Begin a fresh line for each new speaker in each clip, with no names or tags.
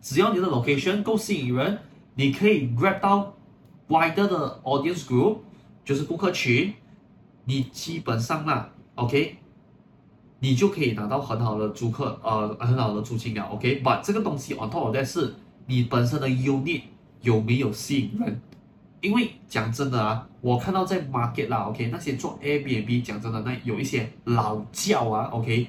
只要你的 location 夠吸引人，你可以 grab 到 wider 的 audience group，就是顧客群，你基本上啦，OK，你就可以拿到很好的租客，呃，很好的租金了，OK。But 這個東西 on top 嗰陣時，你本身的 unit 有沒有吸引人？因為講真的啊，我看到在 market 啦，OK，那些做 Airbnb，講真的，那有一些老教啊，OK。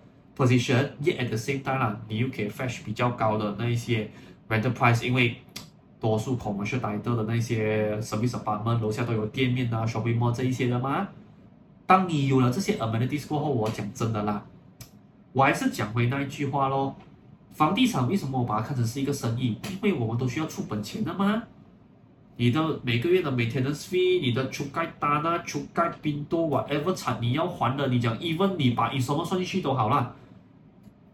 position，yet at the same time 啦，你又可以 fetch 比較高的那一些 rental price，因為多數 commercial 地帶的那些 service 廳樓下都有店面啦、shopping mall 這一些的嘛，當你有了這些 amenities 過後，我講真的啦，我還是講回那句話咯。房地產為什麼我把它看成是一個生意？因為我們都需要出本錢的嗎？你的每個月的 maintenance fee，你的出街單啊、出街拼多 whatever 產你要還的，你講 even 你把 i n s 算進去都好啦。